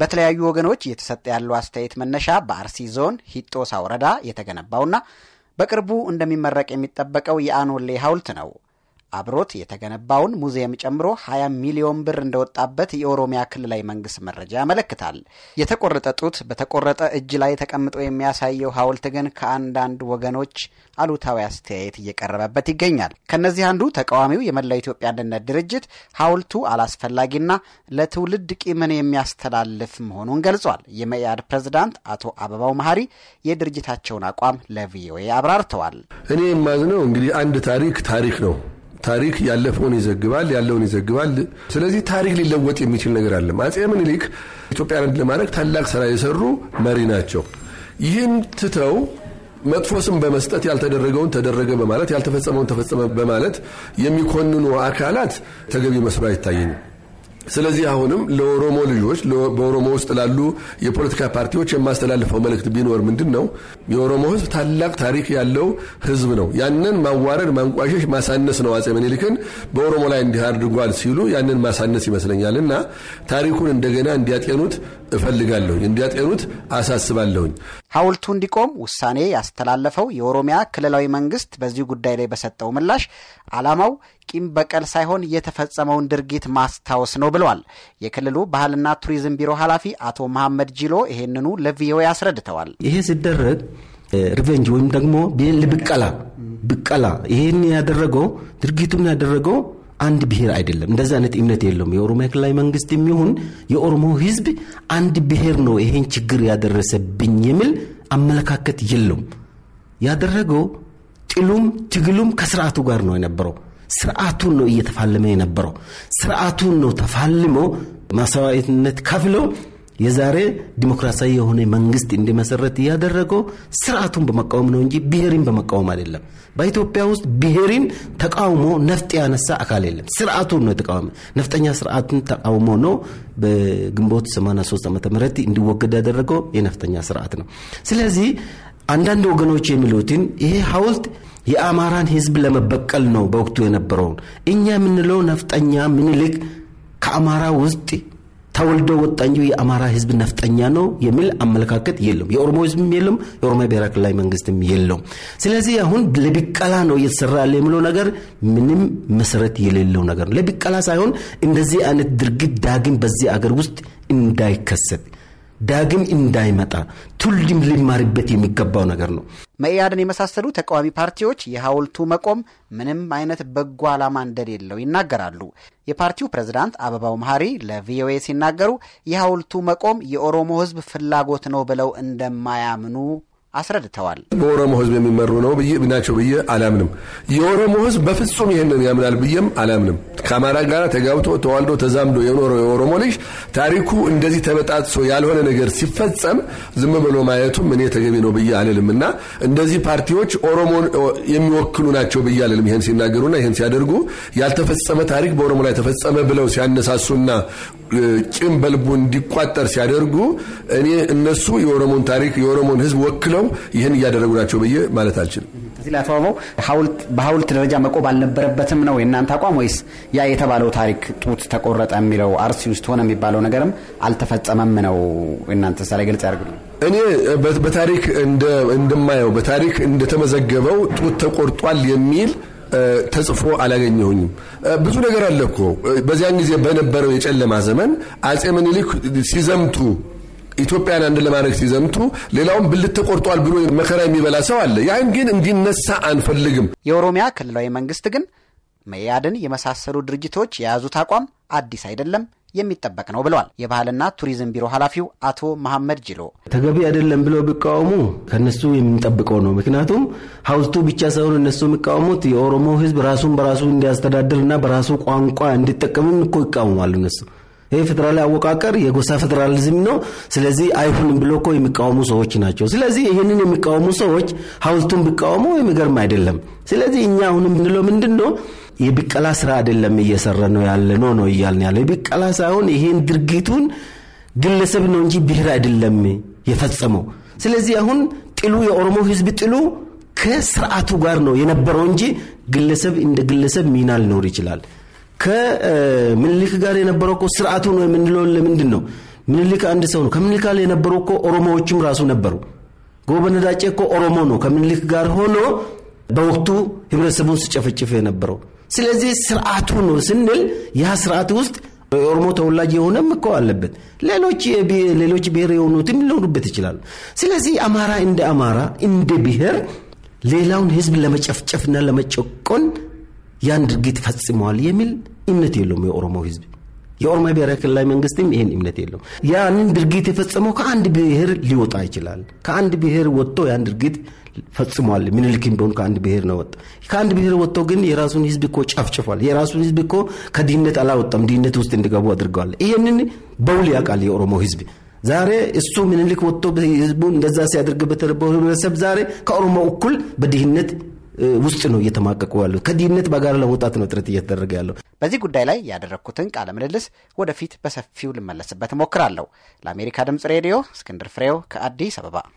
በተለያዩ ወገኖች እየተሰጠ ያለው አስተያየት መነሻ በአርሲ ዞን ሂጦሳ ወረዳ የተገነባውና በቅርቡ እንደሚመረቅ የሚጠበቀው የአኖሌ ሐውልት ነው። አብሮት የተገነባውን ሙዚየም ጨምሮ 20 ሚሊዮን ብር እንደወጣበት የኦሮሚያ ክልላዊ መንግስት መረጃ ያመለክታል። የተቆረጠ ጡት በተቆረጠ እጅ ላይ ተቀምጦ የሚያሳየው ሐውልት ግን ከአንዳንድ ወገኖች አሉታዊ አስተያየት እየቀረበበት ይገኛል። ከእነዚህ አንዱ ተቃዋሚው የመላው ኢትዮጵያ አንድነት ድርጅት ሐውልቱ አላስፈላጊና ለትውልድ ቂምን የሚያስተላልፍ መሆኑን ገልጿል። የመኢአድ ፕሬዝዳንት አቶ አበባው መሀሪ የድርጅታቸውን አቋም ለቪኦኤ አብራርተዋል። እኔ የማዝነው እንግዲህ አንድ ታሪክ ታሪክ ነው ታሪክ ያለፈውን ይዘግባል፣ ያለውን ይዘግባል። ስለዚህ ታሪክ ሊለወጥ የሚችል ነገር አለ አፄ ምኒልክ ኢትዮጵያን አንድ ለማድረግ ታላቅ ስራ የሰሩ መሪ ናቸው። ይህን ትተው መጥፎ ስም በመስጠት ያልተደረገውን ተደረገ በማለት ያልተፈጸመውን ተፈጸመ በማለት የሚኮንኑ አካላት ተገቢ መስሎ አይታየኝም። ስለዚህ አሁንም ለኦሮሞ ልጆች በኦሮሞ ውስጥ ላሉ የፖለቲካ ፓርቲዎች የማስተላልፈው መልእክት ቢኖር ምንድን ነው? የኦሮሞ ህዝብ ታላቅ ታሪክ ያለው ህዝብ ነው። ያንን ማዋረድ፣ ማንቋሸሽ፣ ማሳነስ ነው። አጼ ምኒልክን በኦሮሞ ላይ እንዲህ አድርጓል ሲሉ ያንን ማሳነስ ይመስለኛል እና ታሪኩን እንደገና እንዲያጤኑት እፈልጋለሁኝ፣ እንዲያጤኑት አሳስባለሁኝ። ሐውልቱ እንዲቆም ውሳኔ ያስተላለፈው የኦሮሚያ ክልላዊ መንግስት በዚህ ጉዳይ ላይ በሰጠው ምላሽ ዓላማው ቂም በቀል ሳይሆን የተፈጸመውን ድርጊት ማስታወስ ነው ብለዋል። የክልሉ ባህልና ቱሪዝም ቢሮ ኃላፊ አቶ መሐመድ ጂሎ ይሄንኑ ለቪኦኤ አስረድተዋል። ይሄ ሲደረግ ሪቨንጅ ወይም ደግሞ ብቀላ ብቀላ ይሄን ያደረገው ድርጊቱን ያደረገው አንድ ብሔር አይደለም። እንደዚህ አይነት እምነት የለውም። የኦሮሚያ ክልላዊ መንግስት የሚሆን የኦሮሞ ህዝብ አንድ ብሔር ነው ይሄን ችግር ያደረሰብኝ የሚል አመለካከት የለውም። ያደረገው ጥሉም ትግሉም ከስርዓቱ ጋር ነው የነበረው። ስርዓቱን ነው እየተፋለመ የነበረው። ስርዓቱን ነው ተፋልሞ መስዋዕትነት ከፍለው የዛሬ ዲሞክራሲያዊ የሆነ መንግስት እንዲመሰረት እያደረገው ስርዓቱን በመቃወም ነው እንጂ ብሔርን በመቃወም አይደለም። በኢትዮጵያ ውስጥ ብሔርን ተቃውሞ ነፍጥ ያነሳ አካል የለም። ስርዓቱን ነው የተቃወመ። ነፍጠኛ ስርዓቱን ተቃውሞ ነው በግንቦት 83 ዓ. ም እንዲወገድ ያደረገው የነፍጠኛ ስርዓት ነው። ስለዚህ አንዳንድ ወገኖች የሚሉትን ይሄ ሀውልት የአማራን ህዝብ ለመበቀል ነው በወቅቱ የነበረውን እኛ የምንለው ነፍጠኛ ምኒልክ ከአማራ ውስጥ ተወልዶ ወጣ እንጂ የአማራ ህዝብ ነፍጠኛ ነው የሚል አመለካከት የለም። የኦሮሞ ህዝብም የለም። የኦሮሞ ብሔራዊ ክልላዊ መንግስትም የለውም። ስለዚህ አሁን ለብቀላ ነው እየተሰራ ያለ የሚለው ነገር ምንም መሰረት የሌለው ነገር ነው። ለብቀላ ሳይሆን እንደዚህ አይነት ድርጊት ዳግም በዚህ አገር ውስጥ እንዳይከሰት ዳግም እንዳይመጣ ትውልድም ሊማርበት የሚገባው ነገር ነው። መኢአድን የመሳሰሉ ተቃዋሚ ፓርቲዎች የሐውልቱ መቆም ምንም አይነት በጎ ዓላማ እንደሌለው ይናገራሉ። የፓርቲው ፕሬዝዳንት አበባው መሐሪ ለቪኦኤ ሲናገሩ የሐውልቱ መቆም የኦሮሞ ሕዝብ ፍላጎት ነው ብለው እንደማያምኑ አስረድተዋል። በኦሮሞ ህዝብ የሚመሩ ነው ናቸው ብዬ አላምንም። የኦሮሞ ህዝብ በፍጹም ይህንን ያምናል ብዬም አላምንም። ከአማራ ጋር ተጋብቶ ተዋልዶ ተዛምዶ የኖረው የኦሮሞ ልጅ ታሪኩ እንደዚህ ተበጣጥሶ ያልሆነ ነገር ሲፈጸም ዝም ብሎ ማየቱም እኔ ተገቢ ነው ብዬ አልልም እና እንደዚህ ፓርቲዎች ኦሮሞን የሚወክሉ ናቸው ብዬ አልልም። ይህን ሲናገሩና ይህን ሲያደርጉ ያልተፈጸመ ታሪክ በኦሮሞ ላይ ተፈጸመ ብለው ሲያነሳሱና ጭም በልቡ እንዲቋጠር ሲያደርጉ እኔ እነሱ የኦሮሞን ታሪክ የኦሮሞን ህዝብ ወክለው ይህን እያደረጉ ናቸው ብዬ ማለት አልችልም። እዚህ ላይ አቶ በሀውልት ደረጃ መቆብ አልነበረበትም ነው የእናንተ አቋም ወይስ ያ የተባለው ታሪክ ጡት ተቆረጠ የሚለው አርሲ ውስጥ ሆነ የሚባለው ነገርም አልተፈጸመም ነው የእናንተ ሳ ላይ ገልጽ ያደርግልኝ። እኔ በታሪክ እንደማየው በታሪክ እንደተመዘገበው ጡት ተቆርጧል የሚል ተጽፎ አላገኘሁኝም። ብዙ ነገር አለ እኮ በዚያን ጊዜ በነበረው የጨለማ ዘመን አጼ ምኒልክ ሲዘምቱ ኢትዮጵያን አንድ ለማድረግ ሲዘምቱ ሌላውም ብልት ተቆርጧል ብሎ መከራ የሚበላ ሰው አለ። ያን ግን እንዲነሳ አንፈልግም። የኦሮሚያ ክልላዊ መንግስት ግን መያድን የመሳሰሉ ድርጅቶች የያዙት አቋም አዲስ አይደለም የሚጠበቅ ነው ብለዋል። የባህልና ቱሪዝም ቢሮ ኃላፊው አቶ መሐመድ ጅሎ ተገቢ አይደለም ብለው ቢቃወሙ ከነሱ የምንጠብቀው ነው። ምክንያቱም ሀውልቱ ብቻ ሳይሆን እነሱ የሚቃወሙት የኦሮሞ ሕዝብ ራሱን በራሱ እንዲያስተዳድር እና በራሱ ቋንቋ እንዲጠቀምም እኮ ይቃወማሉ እነሱ ይህ ፌዴራላዊ አወቃቀር የጎሳ ፌዴራሊዝም ነው፣ ስለዚህ አይሁንም ብሎ እኮ የሚቃወሙ ሰዎች ናቸው። ስለዚህ ይህንን የሚቃወሙ ሰዎች ሀውልቱን ቢቃወሙ የሚገርም አይደለም። ስለዚህ እኛ አሁንም ምንለው ምንድን ነው የብቀላ ስራ አይደለም እየሰረ ነው ያለ ነው ነው እያልን ያለ የብቀላ ሳይሆን ይሄን ድርጊቱን ግለሰብ ነው እንጂ ብሔር አይደለም የፈጸመው። ስለዚህ አሁን ጥሉ የኦሮሞ ህዝብ ጥሉ ከስርዓቱ ጋር ነው የነበረው እንጂ ግለሰብ እንደ ግለሰብ ሚና ሊኖር ይችላል። ከምኒልክ ጋር የነበረው እኮ ነው የምንለው ለምንድን ነው? ምኒልክ አንድ ሰው ነው። ከምኒልክ ጋር የነበሩ እኮ ኦሮሞዎችም ራሱ ነበሩ። ጎበነ ዳጬ እኮ ኦሮሞ ነው። ከምኒልክ ጋር ሆኖ በወቅቱ ህብረተሰቡን ሲጨፈጭፍ የነበረው። ስለዚህ ስርዓቱ ነው ስንል ያ ስርዓት ውስጥ የኦሮሞ ተወላጅ የሆነም እኮ አለበት። ሌሎች ብሔር የሆኑትም ሊኖሩበት ይችላሉ። ስለዚህ አማራ እንደ አማራ እንደ ብሔር ሌላውን ህዝብ ለመጨፍጨፍና ለመጨቆን ያን ድርጊት ፈጽመዋል የሚል እምነት የለውም የኦሮሞ ህዝብ። የኦሮሞ ብሔራዊ ክልላዊ መንግስትም ይህን እምነት የለውም። ያንን ድርጊት የፈጸመው ከአንድ ብሔር ሊወጣ ይችላል። ከአንድ ብሔር ወጥቶ ያን ድርጊት ፈጽሟል። ምኒልክም ቢሆን ከአንድ ብሔር ነው ወጣ። ከአንድ ብሔር ወጥቶ ግን የራሱን ህዝብ እኮ ጨፍጭፏል። የራሱን ህዝብ እኮ ከድህነት አላወጣም፣ ድህነት ውስጥ እንዲገቡ አድርገዋል። ይህንን በውል ያውቃል የኦሮሞ ህዝብ። ዛሬ እሱ ምኒልክ ወጥቶ ህዝቡ እንደዛ ሲያደርግ በተረበው ህብረተሰብ ዛሬ ከኦሮሞ እኩል በድህነት ውስጥ ነው እየተማቀቁ ያሉት። ከድህነት በጋር ለመውጣት ነው ጥረት እየተደረገ ያለው። በዚህ ጉዳይ ላይ ያደረግኩትን ቃለ ምልልስ ወደፊት በሰፊው ልመለስበት እሞክራለሁ። ለአሜሪካ ድምጽ ሬዲዮ እስክንድር ፍሬው ከአዲስ አበባ